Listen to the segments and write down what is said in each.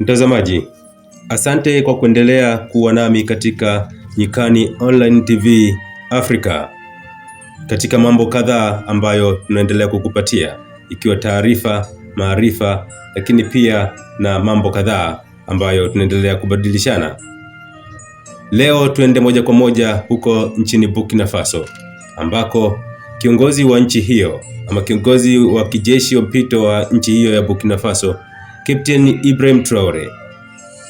Mtazamaji, asante kwa kuendelea kuwa nami katika Nyikani Online TV Africa katika mambo kadhaa ambayo tunaendelea kukupatia ikiwa taarifa, maarifa, lakini pia na mambo kadhaa ambayo tunaendelea kubadilishana. Leo tuende moja kwa moja huko nchini Burkina Faso ambako kiongozi wa nchi hiyo ama kiongozi wa kijeshi wa mpito wa nchi hiyo ya Burkina Faso Captain Ibrahim Traore,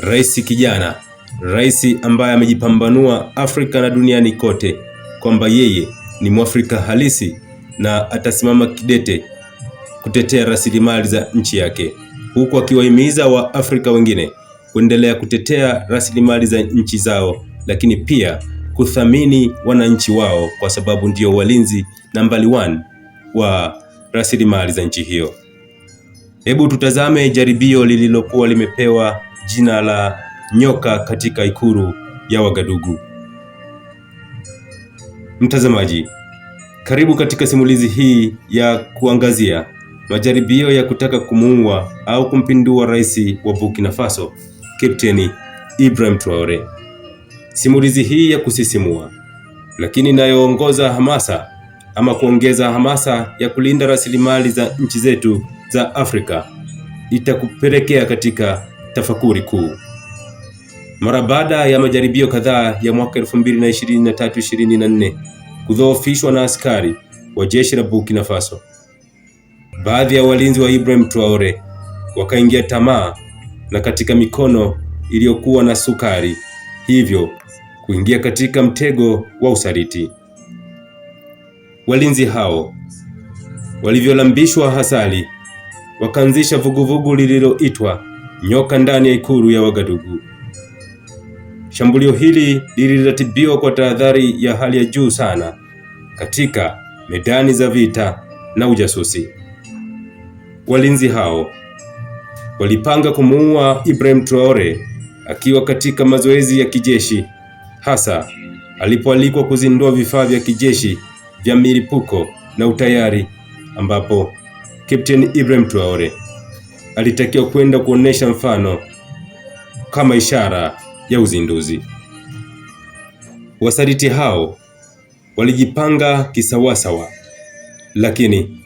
rais kijana, rais ambaye amejipambanua Afrika na duniani kote kwamba yeye ni Mwafrika halisi na atasimama kidete kutetea rasilimali za nchi yake, huku akiwahimiza Waafrika wengine kuendelea kutetea rasilimali za nchi zao, lakini pia kuthamini wananchi wao kwa sababu ndio walinzi nambari 1 wa rasilimali za nchi hiyo. Hebu tutazame jaribio lililokuwa limepewa jina la nyoka katika ikulu ya Wagadugu. Mtazamaji, karibu katika simulizi hii ya kuangazia majaribio ya kutaka kumuua au kumpindua rais wa Burkina Faso Kapteni Ibrahim Traore. Simulizi hii ya kusisimua lakini inayoongoza hamasa ama kuongeza hamasa ya kulinda rasilimali za nchi zetu za Afrika itakupelekea katika tafakuri kuu. Mara baada ya majaribio kadhaa ya mwaka 2023-2024 kudhoofishwa na askari wa jeshi la Burkina Faso, baadhi ya walinzi wa Ibrahim Traore wakaingia tamaa na katika mikono iliyokuwa na sukari, hivyo kuingia katika mtego wa usaliti. Walinzi hao walivyolambishwa hasali wakaanzisha vuguvugu lililoitwa nyoka ndani ya ikulu ya Wagadugu. Shambulio hili liliratibiwa kwa tahadhari ya hali ya juu sana katika medani za vita na ujasusi. Walinzi hao walipanga kumuua Ibrahim Traore akiwa katika mazoezi ya kijeshi, hasa alipoalikwa kuzindua vifaa vya kijeshi vya milipuko na utayari, ambapo Kapteni Ibrahim Traore alitakiwa kwenda kuonesha mfano kama ishara ya uzinduzi. Wasaliti hao walijipanga kisawasawa, lakini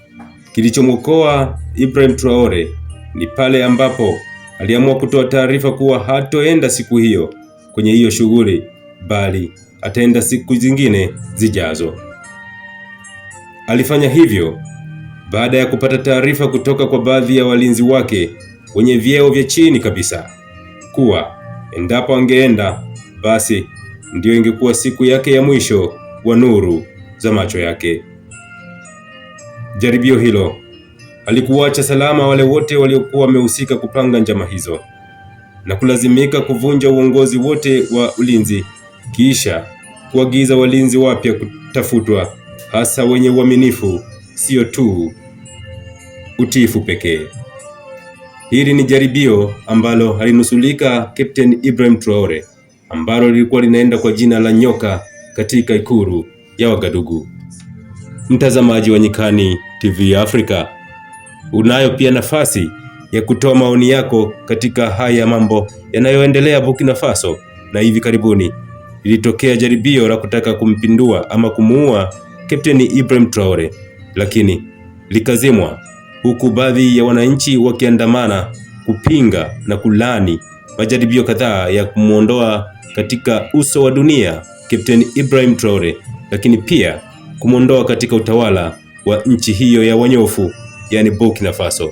kilichomwokoa Ibrahim Traore ni pale ambapo aliamua kutoa taarifa kuwa hatoenda siku hiyo kwenye hiyo shughuli, bali ataenda siku zingine zijazo. Alifanya hivyo baada ya kupata taarifa kutoka kwa baadhi ya walinzi wake wenye vyeo vya chini kabisa kuwa endapo angeenda basi ndiyo ingekuwa siku yake ya mwisho wa nuru za macho yake. Jaribio hilo alikuwacha salama wale wote waliokuwa wamehusika kupanga njama hizo na kulazimika kuvunja uongozi wote wa ulinzi, kisha kuagiza walinzi wapya kutafutwa, hasa wenye uaminifu sio tu utiifu pekee. Hili ni jaribio ambalo alinusulika Captain Ibrahim Traore ambalo lilikuwa linaenda kwa jina la nyoka katika ikulu ya Wagadugu. Mtazamaji wa Nyikani TV Afrika, unayo pia nafasi ya kutoa maoni yako katika haya mambo yanayoendelea Burkina Faso, na hivi karibuni lilitokea jaribio la kutaka kumpindua ama kumuua Captain Ibrahim Traore lakini likazimwa, huku baadhi ya wananchi wakiandamana kupinga na kulani majaribio kadhaa ya kumwondoa katika uso wa dunia Captain Ibrahim Traore, lakini pia kumwondoa katika utawala wa nchi hiyo ya wanyofu, yaani Burkina Faso.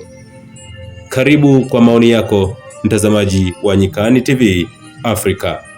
Karibu kwa maoni yako mtazamaji wa Nyikani TV Afrika.